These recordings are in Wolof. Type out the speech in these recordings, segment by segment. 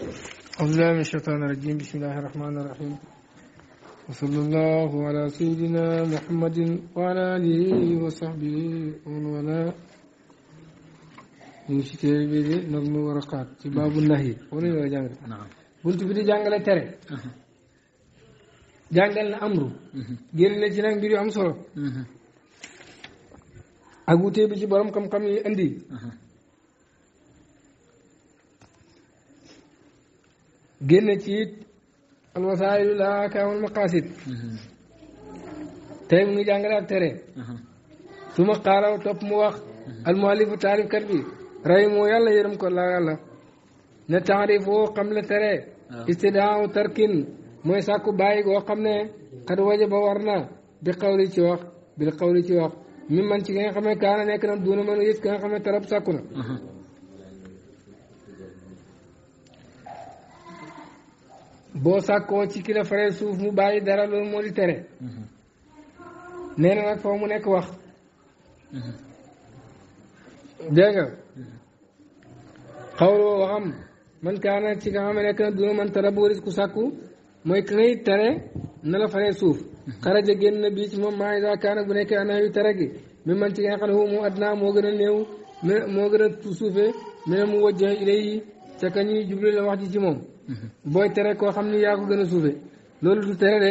أعوذ بالله من الشيطان الرجيم بسم الله الرحمن الرحيم وصلى الله على سيدنا محمد وعلى آله وصحبه bi di nag mu waraqaat ci nahi wala ñu war a jàngale bunt uh-huh. amru uh-huh. génn na ci nag mbir yu am solo uh-huh. bi ci borom xam-xam yi indi génn ci it alwasaayilu laa kaamal maqaasid tey mu ngi jàngale ak tere su ma topp mu wax almuallifu taarifkat bi ray moo yàlla yërëm ko laa yàlla ne taarifoo xam le tere istidaaw tarkin mooy sàkku bàyyi goo xam ne xad waje ba war na bi xawli ci wax bil xawli ci wax mi man ci nga xam ne kaana nekk na duuna mën a yës xam ne tarab sàkku boo sàkkoo ci ki la suuf mu bàyyi dara loolu moo di tere mhm. nee na nag foo mu nekk wax mhm. dégg nga mhm. xawloo waxam man kaana ci nga xam nekk na duna man tara boo risku sàkku mooy ka ngay tere na la faree suuf xaraja génn na bii ci moom maa ngi daa kaana bu nekkee anaa tere gi mi man ci nga xam ne moo gën a néew moo gën a suufee mu ne mu wajja ilay yi ca ka ñuy la wax ji ci moom booy teree koo xam ni yaa ko gën a suufe loolu du tere de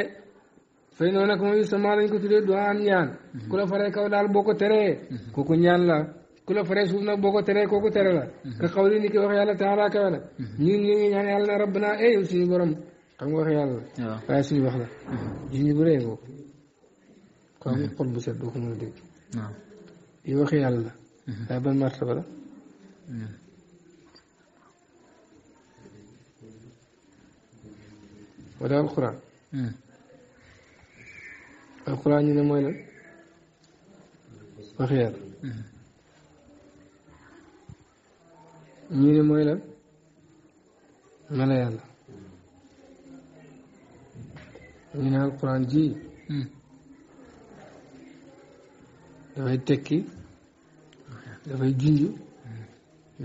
fay noonu nag mooy sama lañ ko tuddee du am ñaan ku la faree kaw daal boo ko teree kooku ñaan la ku la faree suuf nag boo ko teree kooku tere la ka xaw li ni ki wax yàlla taala kawe la ñun ñu ngi ñaan yàlla na rabb naa eeyu suñu borom wax yàlla la waaye suñu wax la ko am xol wax yàlla la mm-hmm. waaye ban la mm-hmm. wala alquran alquran ñu ne mooy lan wax yàlla ñu ne mooy lan mala yàlla ñu ne alquran ji dafay tekki dafay junj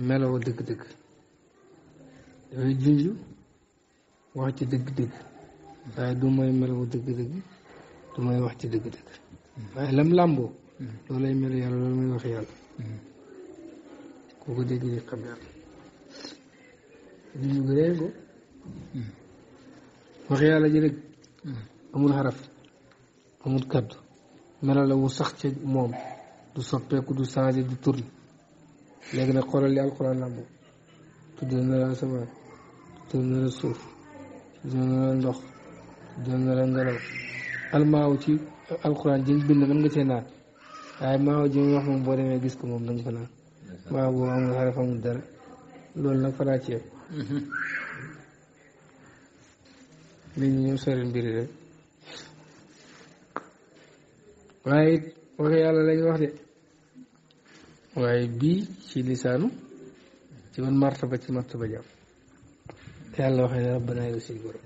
melawu dëgg-dëgg dafay junj wax ci dëgg-dëgg waaye wax ci dëgg-dëgg waaye lam làmboo loolu ay melu yàlla ji rek amul xaraf amul kaddu mela la wu sax ca moom du soppeeku du changé du tourne léegi nag xoolal li alxuraan làmboo tudd na la asamaan tudd na la suuf doon na la ndox doon na la ngelaw almaaw ci alxuraan jiñ bind mën nga cee naan waaye maaw ji mu wax moom boo demee gis ko moom dañ ko naan waaw boobu amul xaraf amul dara loolu nag faraa ci yëpp mm-hmm. nit ñëw sori mbiri rek waaye it waxe yàlla lañ wax de waaye bii ci lisaanu ci man martaba ci martaba jàpp yàlla waxee ne rabbana yow suñu borom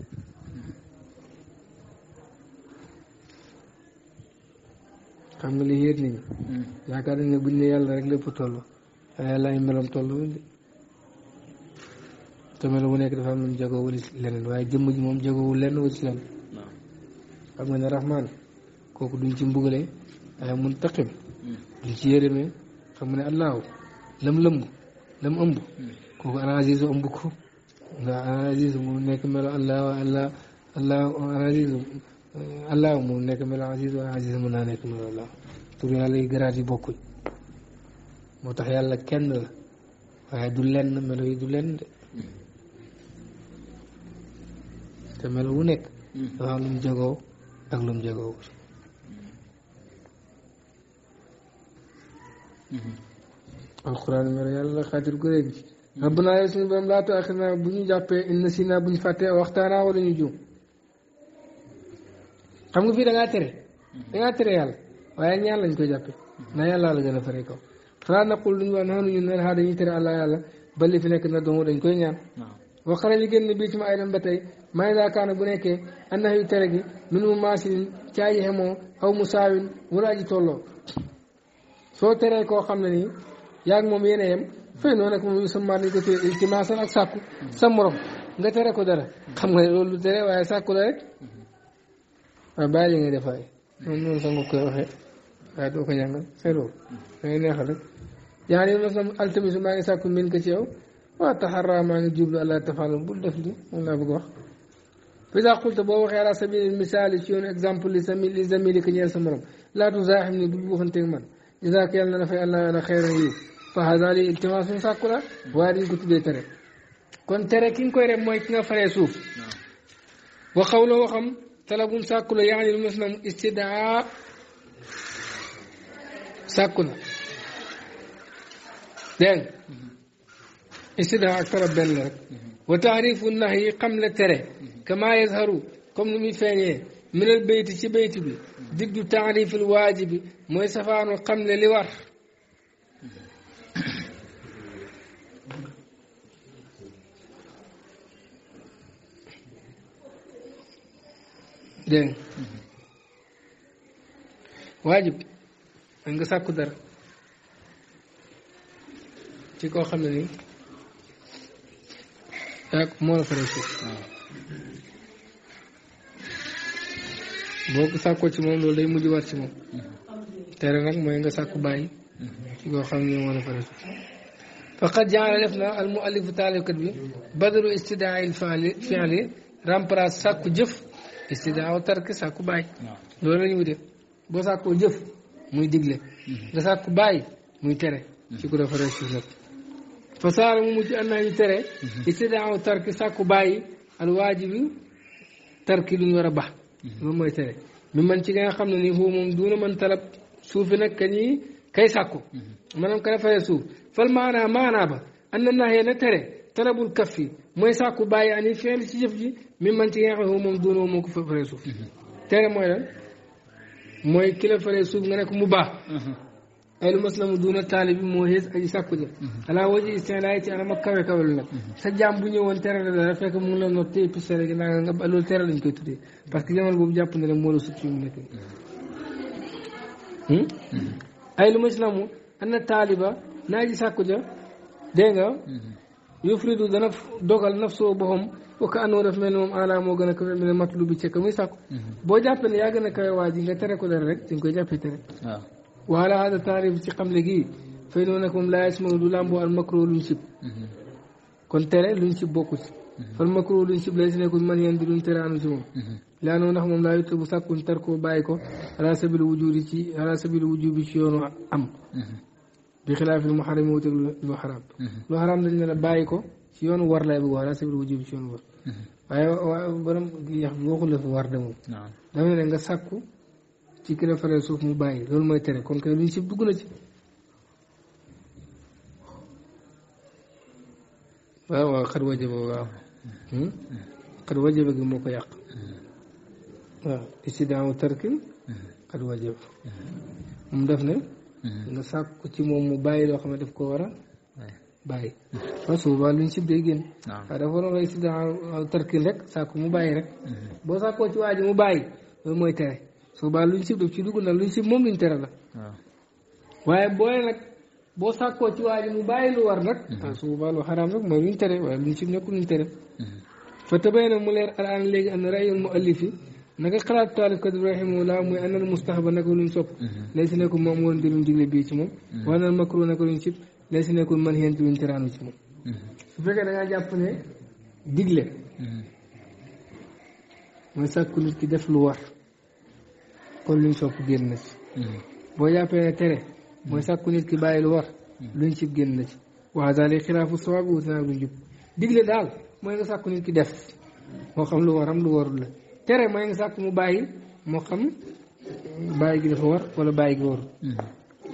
xam nga li yéet nit hmm. yaakaar nañ ne buñ ne yàlla rek lépp toll waaye yàlla ay melam toll wuñ de te mel bu nekk dafa am lu waaye jëmm ji moom jagoowul lenn wala si leneen xam nga ne rahman kooku duñ ci mbugale waaye mun taqim hmm. duñ ci yërëmee xam ne allahu lam lëmb ëmb hmm. kooku arrangé su ëmb ko عزيزهم نكمل الله الله الله عزيزهم allah moom nekk mel aziz waaye aziz mën naa nekk mel allah tur yàlla yi garaat yi bokkuñ moo tax yàlla kenn la waaye du lenn melo yi du lenn de te melo wu nekk dafa am lu mu jegoo ak lu mu jegoo alquran melo yàlla la xaatir gu réeg bi rabbana yow suñu borom laa taaxirnaa bu ñu jàppee inna si naa bu ñu fàttee waxtaanaa a ñu juum xam nga fii da ngaa tere da tere yàlla waaye ñaan lañ koy jàppee na yàlla la gën a fare kaw xanaa naqul lu ñu wax noonu ñun neen xaa dañuy tere àlla yàlla bali fi nekk na doomu dañ koy ñaan waxara li gën ne bii ci ma ay dem ba tey may daa kaana bu nekkee annax yu tere gi min mu maasin caaji xemoo aw mu saawin wala aji tolloo soo teree koo xam ne nii moom yéen a fay noo nekk moom yusammaa ni ko té iltimaasan ak sàkku sa morom nga tere ko dara xam nga loolu du tere waaye sàkku la rek waaye bàyyi li nga def waaye moom noonu sax nga koy waxee waaye doo ko jàngal xeloo da ngay neexal rek yaa ngi ma sam altamisu maa ngi sàkku min ko ci yow waaw taxarraa maa ngi jublu àlla tafalu bul def li moom laa bëgg wax fisa xulta boo waxee ala sabili misaali ci yoon exemple li sami li zamili ko ñeel sa morom laatu zaaxim ni bul buuxanteeg man jazaaka yàlla na la fay àlla àla فهذا التماس ساكولا واري قلت لي ترى كون تركين كو رمو يتنا فريسوف نعم. وقوله وخم طلب ساكولا يعني المسلم استدعاء ساكولا دين استدعاء اكثر بين لك وتعريف النهي قمل ترى كما يظهر كم نمي من البيت شبيت بي ضد تعريف الواجب ميسفان قمل لور dégg waajib mooy nga sàkku dara ci koo xam ne ni yaa moo la fare suuf ci moom loolu day mujj war ci moom tere nag mooy nga sàkku bàyyi ci koo xam ne moo la fare suuf faqad jaala def na almuallifu taalifkat bi badaru istidaai fiali remplace sàkku jëf istidaaw tarki sàkku bàyyi loolu la boo sàkkoo jëf muy digle mhm. nga sàkku bàyyi muy tere ci ku dafa rek nag fa mu mujj am naa ñu tere mhm. istidaaw tarki sàkku bàyyi al waajibu tarki lu ñu war a bax moom mhm. mooy tere mu man ci nga xam ne ni foofu moom duuna man talab suufi nag ka ñuy kay sàkku maanaam ka defaree suuf fal maanaa maanaa ba am na naxee na tere talabul kaf mooy sàkku bàyyi ani feel ci jëf ji mi man ci nga xam moom doonoo moo ko faree suuf mhm. tere mooy lan mooy ki faree suuf nga nekk mu baax mhm. ay lu maslamu duuna taalibi moo xees aji sàkku jëf mhm. alaa waji istinlaay ci anam ak kawe kawe bu ñëwoon tere la dara fekk mu ngi la noté lañ koy tuddee parce que jamono boobu jàpp na rek moo la sut fi mu hmm? ana taaliba naa aji sàkku jëf dégg nga يفرد دنف دغل نفسه بهم وكانوا نف منهم على موغنا من المطلوب تشك ميساك بو جابل يا غنا كاي واجي لا تركو دار رك تنكو جاب تر آه. وعلى هذا التعريف في قبل لي فينونكم لا يسمى دولام بو المكرو لنسب كون تر لنسب بوكو فالمكرو لنسب ليس نكون من يندر تران زو لانه نحن لا يتوب ساكون تركو بايكو على سبيل الوجود على سبيل الوجود شيون ام bi xilaaf il muharram wuteeg lu xaraam lu xaraam dañ ne la bàyyi ko ci yoonu war lay bëgg wax laa sabil wujub ci yoonu war waaye borom yax bi waxul la fa war demul dafa ne nga sàkku ci ki la faree suuf mu bàyyi loolu mooy tere kon kay luñ si dugg na ci waaw waaw xar wajaba waaw xar wajaba gi moo ko yàq waaw istidaamu tarkin xar wajaba moom def ne Mm-hmm. nga sàkk ci moom mu bàyyi loo xam ne daf ko war a bàyyi parce que boobaa luñ si day génn waaw dafa waroon a istidaaw tarkil rek sàkku mu bàyyi rek mm-hmm. boo sàkkoo ci waa mu bàyyi loolu mooy tere su boobaa luñ sib daf dugg na luñ sib moom luñ tere la ah. waaye booy nag boo sàkkoo ci waa mu bàyyi lu war nag mm-hmm. ah su boobaa lu xaraam rek mooy luñ tere waaye luñ sib nekkul luñ tere fa tabayna mu leer alaan léegi am na rayul mu allifi naka xalaatu taalifkat Ibrahima wala muy anal mustaxba naka luñ sopp lay si nekkul moom woon di luñ digle bii ci moom mhm. wala nal makru naka luñ sib lay si nekkul man xeen di luñ teraanu ci moom mhm. su fekkee da ngaa jàpp ne digle mhm. mooy sàkku nit ki def lu war kon luñ sopp génn na ci boo jàppee ne nit ki bàyyi lu war luñ sib génn na ci waa daal di xilaafu sawaab bi wuute naa luñ jub digle daal mooy nga sàkku nit ki def moo xam lu waram lu warul la tere mooy nga sàkk mu bàyyi moo xam bàyyi gi dafa war wala bàyyi gi warul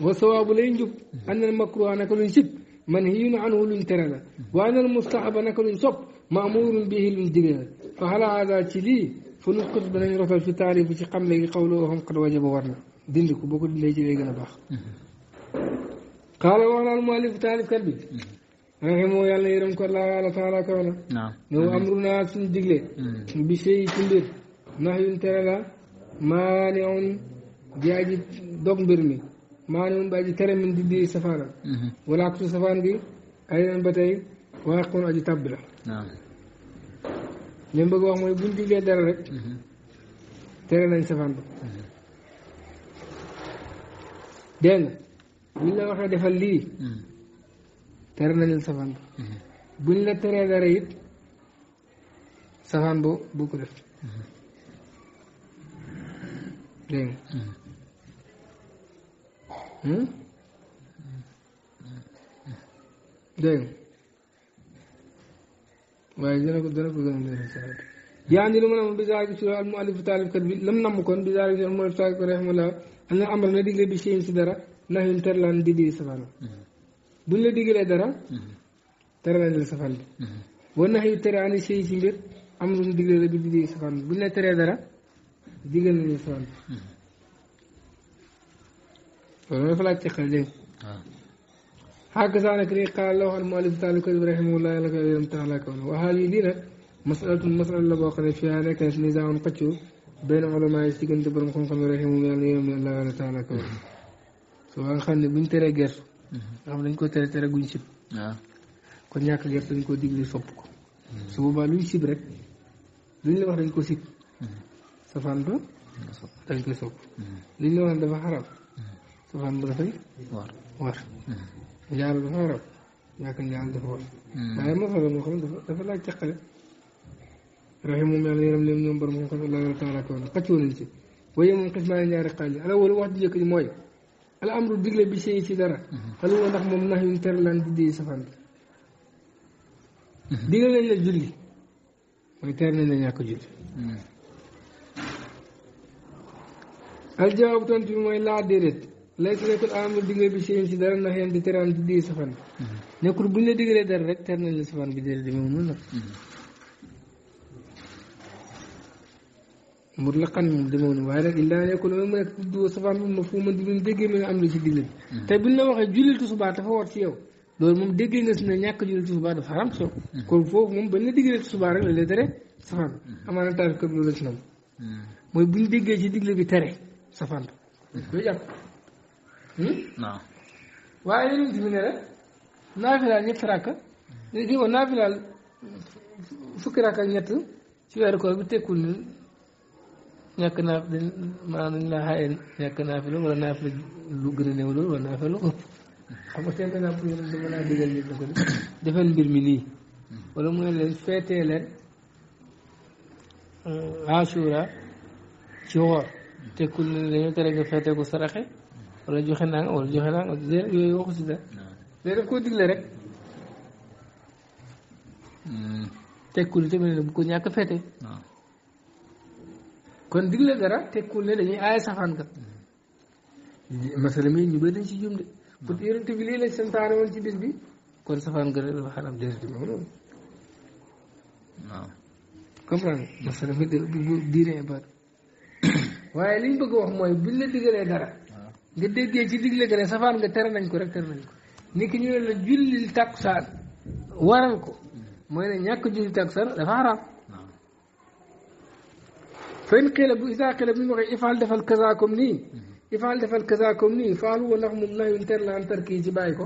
wa sawaabu lay njub anal makruha naka luñ sib man hiinu anhu luñ tere la wa anal mustahaba naka luñ sopp maamurun bihi luñ digee la fa xala hada ci lii fa nusqut danañ rosal fi taarifu ci xam léegi xawlu waxam qad wajaba war na dindi ko boo ko dindee ci lay gën a baax qaala wax na almuallifu taalif kat bi raximoo yàlla yërëm ko allah taala kaw na ne amruna suñ digle bi sey ci mbir nax yun tere la maane on ji aji dog mbir mi maane on bi aji tere min dindi safaana mhm. wala ak su safaan bi ay leen ba tey waaye kon aji tàbb la li mu bëgg wax mooy buñ diglee dara rek mhm. tere nañ safaan ba mhm. dégg nga buñ la lii tere nañ la safaan la teree dara it safaan bo bu ko def dégg hm? nga dégg nga waaye dina ko dina ko gën a dégg si waat yaa ngi lu ma namm bisaar bi si al mu alif taalifkat bi lam namm kon bisaar bi si al mu alif taalifkat rahimahullah am na amar na digle bi si dara ndax yu terlaan di di safaan buñ la diglee dara tere lañ la safaan mm-hmm. bi boo nax yu tere ani si mbir am lu mu digle la bi di di safaan buñ la teree dara digal nañu sonn loolu dafa laaj teqal dégg xàgg saa nag nii xaal la waxal muallif taali ko rahimahullah yàlla ko yërëm taala kaw na waxaal yi lii nag masalatu masala la boo xam ne fiyaa nekk na si nisaawoon xëccu benn ulama yi si diggante borom xam-xam yi rahimahullah yàlla yërëm yàlla yàlla taala kaw na so nga xam ne buñ teree gerte nga xam dañ ko tere tere guñ sib kon ñàkk gerte dañ ko digle sopp ko su boobaa luñ sib rek luñ la wax dañ ko sib safaan ba dal di sopp li ñu waxoon dafa xarab safaan ba dafay war njaalu dafa xarab ñàkk njaalu dafa war waaye masala moo xam dafa dafa laaj caqale raxi moom yàlla yaram leen ñoom borom xam allah wa taala kaw na xëccoo nañ ci waaye moom xis maa ñaari xaaj ala wala wax ji jëkk ji mooy al amru digle bi sëy ci dara xal woo ndax moom nax yum tere laan diddee safaan bi digal nañ la julli mooy tere nañ la ñàkk julli aljawaab tontu bi mooy laa déedéet lay si nekkul amul digal bi seen si dara ndax yéen di teraan di nekkul buñ la digalee dara rek ter nañ la safan bi déedéet demee noonu mur la xan moom demee noonu waaye nag illaa nekkul mu nekk tuddoo safan mën di déggee mi nga am la si digle bi hmm. te buñ la waxee julli tisbaar dafa war ci yow loolu moom déggee nga si ne ñàkk julli tisbaar dafa xaram so hmm. kon foofu moom bañ la digalee tisbaar rek la lay tere safan hmm. amaana taal kër loolu la si nam mooy buñ déggee si digle bi tere safal do hmm na jàpp waaye yeneen bi ne la naafilaal ñetti rakk di ko naafilaal fukki rak ak ñett ci wër ko bi tekkul ni ñàkk naa maanaam dañ laa xaayal ñàkk naafila wala naafila lu gëna a néew loolu wala naafila lu xam nga teel naa pour ñu dama laa digal yéen ko defal mbir mi ni wala mu leen fété leen euh asura ci wor tekkul ne dañoo tere nga feete ko saraxe wala joxe naa wala joxe naa yooyu waxu si dara day ah. koo digle rek hmm. tekkul tamit ne bu ko ñàkk feete ah. kon digle dara tekkul ne dañuy aaya safaan ka hmm. masala mi ñu ba dañ si jum de ah. pour yonent lii lañ santaane woon ci bis bi kon safaan ka dafa xaram déedéet moom loolu waaw comprendre masala waaye liñ bëgg wax mooy buñ la digalee dara nga déggee ci digle ga ne safaan nga tere nañ ko rek tere nañ ko ni ki ñu ne la julli takkusaan waral ko mooy ne ñàkk julli takkusaan dafa xaraam fen xila bu isaa xila bu ñu waxee ifaal defal kaza comme nii ifaal defal kaza comme nii faalu wa ndax moom nahyun tere la an tarki ci bàyyi ko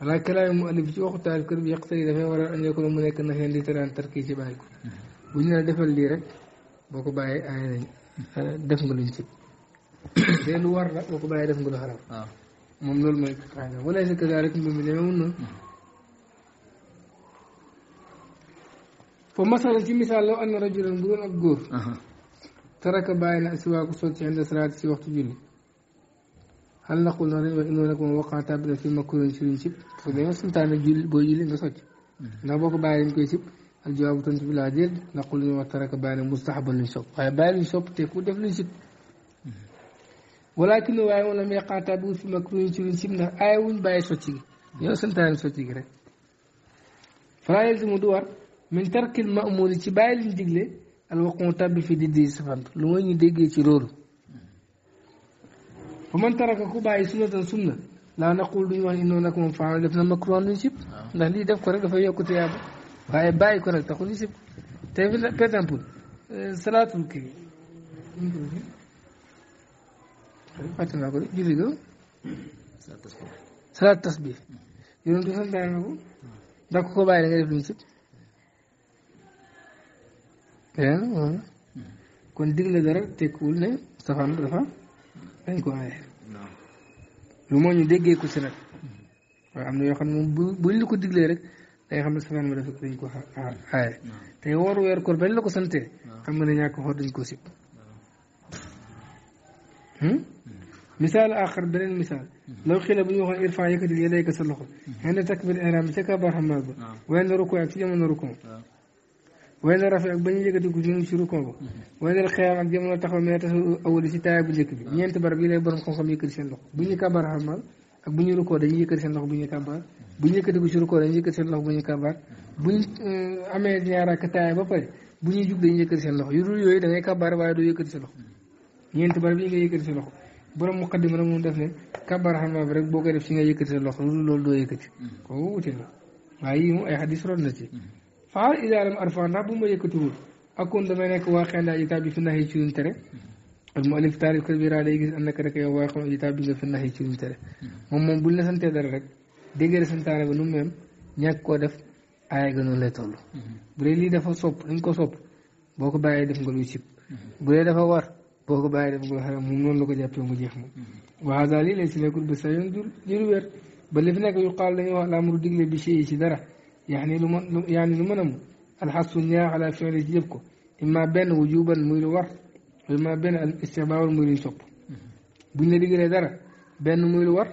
ala kalaami mu alif ci waxu taalif kër bi yàq sëy dafay waral an yakuna mu nekk nahyun li tere an tarki ci bàyyi ko bu ñu ne defal lii rek boo ko bàyyee def nga luñ si dee lu war la boo ko bàyyee def nga lu xaram ah. moom loolu mooy xaay wala sa kasaa rek mbir mi demewul noonu fo masalan ci misaal law anna rajulan bu doon ak góor taraka bàyyi na siwaaku soog ci ànd salaat si waxtu julli xal naqul na dañ wax inoon ak moom waqan tàbbi na fi makkuroon si luñ sib parce que dañoo santaane julli boo julli nga socc hmm. ndax boo ko bàyyee dañ koy sib الجواب تنسب الى عدل نقول ما ترك بال مستحب للشوب اي بال شوب تيكو ديف لي ولكن واي أيوة ولم يقع تابو في مكروه في سمنا اي أيوة وين باي سوتي يو سنتان سوتي غير فلا يلزم دوار من ترك المامور تي بال ديغلي الوقون تاب في دي دي سفانت لو ني ديغي تي رول فمن ترك كو باي سنه سنه لا نقول دوني وان انه نكون فاعل دفنا مكروه في سمنا ندي نعم. ديف كو رك فا يوكو تيابو waaye bàyyi ko nag taxul ñu sib tey par exemple euh, kii fàtte naa ko de bi santaane na ko ko bàyyi da def lu ñu sib kon digle dara tekkiwul ne safaan dafa dañ ko aaye lu moo ñu déggee ko si nag waaye am na yoo xam moom bu buñ la ko diglee rek ايغام سفين ولا فكر ينكو هاي تي وور وير كور بل كو سنتي ام لا نياكو هور دنج كو سيب مثال اخر بنين مثال لو خيل بني وخان ارفع يكد يديك سلخو هنا تكبر ارام تكا برحم الله وين ركوع اك جيم ركوع وين رفع بني يكد كو جيم شي ركوع وين الخيام اك جيم تاخو مي تاسو اول سي تاي بو جيك بي نينت بربي لي بروم خوم يكد سلخو بني كبر الله ak bu ñu rukkoo dañuy yëkkati seen loxo bu ñuy kàmbaar bu ñu yëkkati ko ci rukkoo dañuy yëkkati seen loxo bu ñuy kàmbaar bu ñu euh, amee ñaar ak taay ba pare bu ñuy jug dañuy yëkkati seen loxo yu dul yooyu da ngay kàmbaar waaye doo yëkkati sa loxo ñeenti barab yi ngay yëkkati sa loxo borom muqaddima nag moom def ne kàmbaar xam naa bi rek boo koy def si nga yëkkati sa loxo lu dul loolu doo yëkkati kooku wute la waaye yii moom ay xadis ron na ci faal idaalam arfa ndax bu ma yëkkatiwul akkoon damay nekk waa al muallif taarif kabira day gis ànd ak rek yow waaye xam nga itam bisa fi la santee dara mm-hmm. bu dee lii dafa sopp dañ ko sopp boo ko bàyyee def nga luy sib mm-hmm. bu dee dafa war boo ko bàyyee def nga lu xaram moom noonu la ko jàppee mu jeex moom. waaw daal si nekkul ba sa yoon du weer ba li fi nekk yu xaal dañuy wax laamuru digle bi si ci dara yaa ni lu mën yaa ni lu mën a mu alxasu ñaax ala fi'li ci ko imma benn wujuban muy lu war. loolu mooy benn al istihbaabul muy luñ sopp buñ la digalee dara benn muy lu war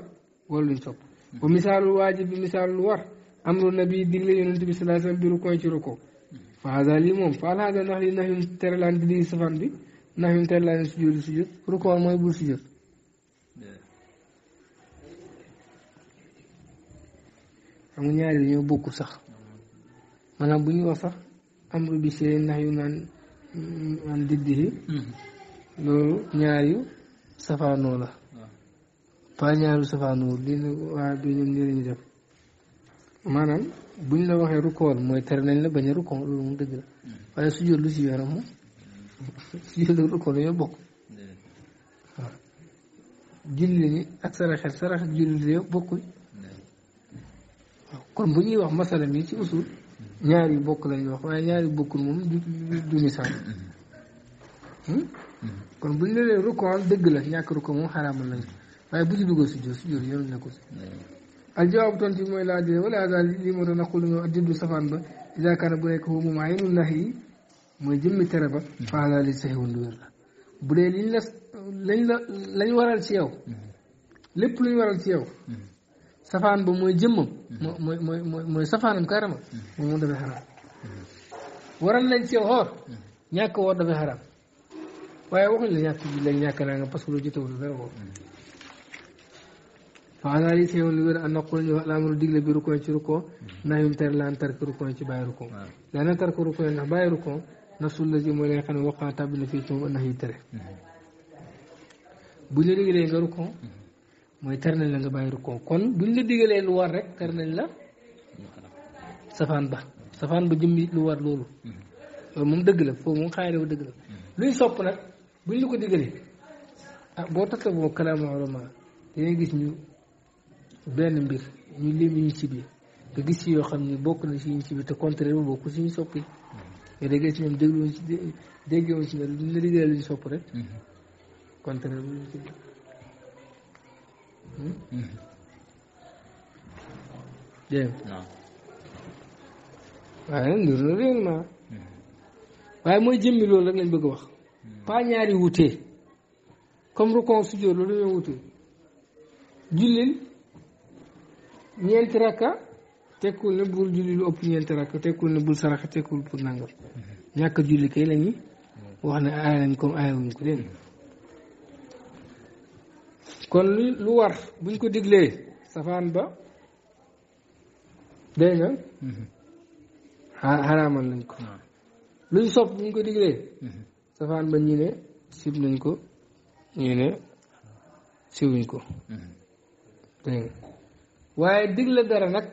wala luñ sopp ba misaalul waajib bi misaalul lu war amru nabi digle yonent bi sallallahu alayhi wasallam bi rukkoo ci rukkoo fa bi nax yum terelaan mooy bul sujjóot xam nga ñaari ñoo bokkul sax maanaam bu ñuy wax sax amru bi seen nax yu naan an diddihi loolu mm-hmm. ñaar yu safaanoo la pas ah. ñaar yu safaanoo lii waa bi ñoom nii lañu def maanaam buñ la waxee rukkoo mooy tere nañ la bañ a rukkoo loolu moom dëgg la mm-hmm. waaye su jël lu si yoonam moom mm-hmm. su jël rukkoo la bokk ah. julli ni ak saraxel sarax ak julli yëpp bokkuñ kon bu ñuy wax masala mi ci usul ñaari yu bokk lañuy wax waaye ñaar yu bokkul moom du du misaal hmm? kon bu ñu la leen rukkoo dëgg la ñàkk rukkoo moom xaraamal nañ ko waaye bu ci dugal si jur si jur yoon nekkul si aljawaab mooy laa di wala daal lii moo tax naqul ñoo addidu safaan ba idaa kaana bu nekk foofu moom aynu nax yi mooy jëmmi tere ba faalaa li saxi woon du la bu dee liñ la lañ la lañ waral ci yow lépp luñ waral ci yow safaan ba mooy jëmmam mm-hmm. mooy mooy mooy mooy safaanam mm-hmm. moom moom dafay xaraam mm-hmm. waral nañ ci woor ñàkk woor dafay xaraam waaye waxuñ la ñàkk ji léegi ñàkk naa nga parce que loolu jotewul dara woor waala li si woon lu wér a naqul ñu laamru digle bi rukoo ci xam ne waqaa fii tuum ndax yu tere bu ñu diglee nga rukoo mooy tar nañ la nga bàyyi rukkoo kon duñ la digalee lu war rek tar nañ la safaan ba safaan ba jëmmi lu war loolu loolu moom dëgg la foofu moom xaari dëgg la luñ sopp nag buñ la ko digalee ah boo takkee boo kalaama ulama gis ñu benn mbir ñu lim ñu ci biir nga gis ci yoo xam ne bokk na ci ñu ci biir te bokk suñu soppi nga déggee ci ñoom ci déggewuñ ci ne luñ sopp rek mm-hmm. contraire dégg hmm. waaye nag ndur na réer hmm. naa waaye mooy jëmmi loolu rek lañ bëgg wax hmm. pas ñaari wutee comme rukon sujjóot loolu ñoo wutee jullil ñeenti rakka tekkul ne bul julli lu ëpp ñeenti rakka tekkul ne bul saraxa tekkul pour nangam ñàkk julli kay lañuy wax ne aay nañ comme aayawuñ ko dégg kon lu war buñ ko diglee safaan ba dégg nga mhm. xaraamal lañ ko ah. luñ sopp buñ ko diglee mhm. safaan ba ñi ne sib nañ ko ñi ne siwuñ ko mhm. waaye digle dara nag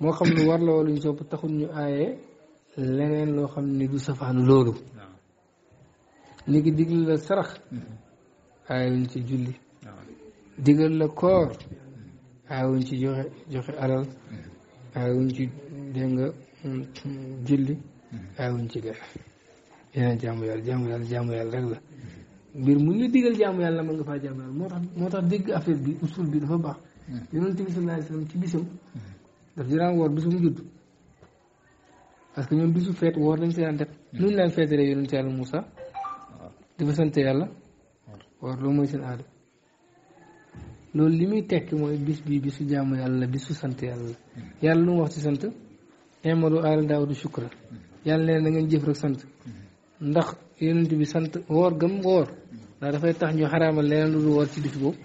moo xam ne war la wala luñ sopp taxul ñu aaye leneen loo xam ne du safaan loolu ah. ni ki digle la sarax aayewuñ ci julli ah. digal la koor aayewuñ ci joxe joxe alal hmm. aayewuñ ci dégg nga julli hmm. aayewuñ ci def yeneen jaamu yàlla jaamu yàlla rek la mbir mu ñu digal jaamu yàlla mën nga faa jaamu yàlla moo tax moo tax dégg affaire bi usul bi dafa baax hmm. yonent bi sallallahu alayhi wasallam ci bisam daf dinaan woor bisum judd parce que ñoom bisu feet woor lañ si daan def nuñ laan feetalee yonent yàlla Moussa ah. dafa sant yàlla war loolu mooy seen aada loolu li muy tekki mooy bis bii bisu jaamu yàlla la bisu sant yàlla la yàlla lu mu wax ci sant imadu aal daawdu shukra yàlla nee na ngeen jëf rek sant ndax yonent bi sant woor gëm woor ndax dafay tax ñu xaraamal leneen lu woor ci bis boobu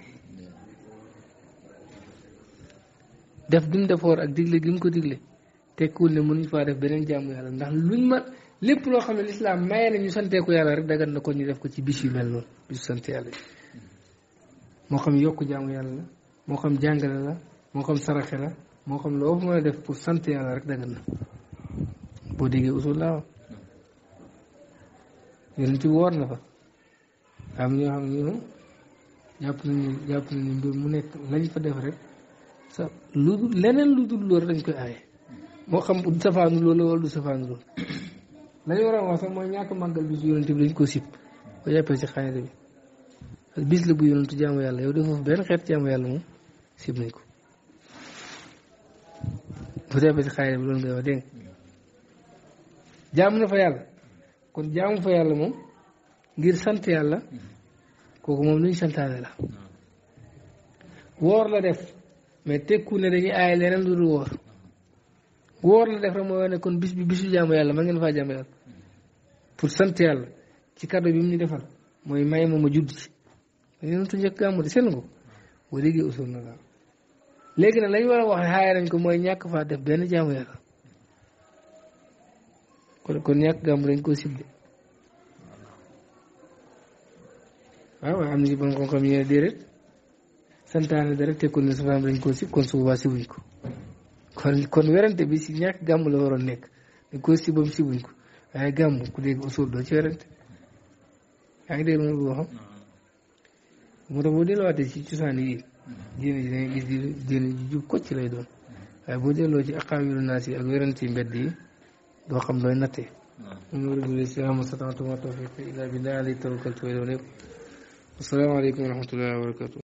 def gim def woor ak digle gi ko digle tekkiwul ne mënuñ faa def beneen jaamu yàlla ndax luñ ma lépp loo xam ne lislaam maye na ñu santeeku yàlla rek dagan na ko ñu def ko ci bis yu mel noonu bisu sant yàlla moo xam yokk jaamu yàlla la moo xam jàngale la moo xam saraxe la moo xam loo mën def pour sant rek dagan na boo déggee usul laa ci woor na am ñoo xam ne ñoo jàpp nañu jàpp nañu mbir mu nekk lañ fa def rek lu leneen lu dul loolu dañ koy aaye moo xam du safaanu loolu wala du safaanu loolu lañu war a wax sax mooy ñàkk màggal bis bu yonent bi dañ ko sib ko jàppee si xañate bi bis la bu yonent jaamu yàlla yow defoo benn xeet jaamu yàlla moom sib nañ ko bu na fa yàlla kon jaamu yàlla moom ngir sant yàlla kooku moom luñ santaane la woor la def mais tekku ne dañuy aaye leneen lu dul woor woor la def rek mooy ne kon bis bi bisu jaamu yàlla ma ngeen faa jaamu yàlla pour sant yàlla ci kàddu bi mu ñu defal mooy may ma ma judd ci yonentu njëkk gàmmu di seen ko wa léegi usul na daal léegi nag lañ war a wax xaaye nañ ko mooy ñàkk faa def benn jaamu yàlla kon kon ñàkk gàmmu dañ koo sible waaw am na ci bon xam-xam yi ne sa faam koo sib kon su boobaa sibuñ ko kon werante bi si ñàkk gàmmu la waroon nekk dañ koo sibam sibuñ ko waaye gàmmu ku dégg usul doo ci werante yaa ngi dégg moom waxam moo mm-hmm. tax boo delluwaatee ci cosaan yi diine ji dangay gis diine ji jub kocc lay doon mm-hmm. waaye boo delloo ci aqaawilu naas yi ak werante yi mbedd doo xam looy nattee in uriidu illal islaaha ma stata'tu wa wa barakaatu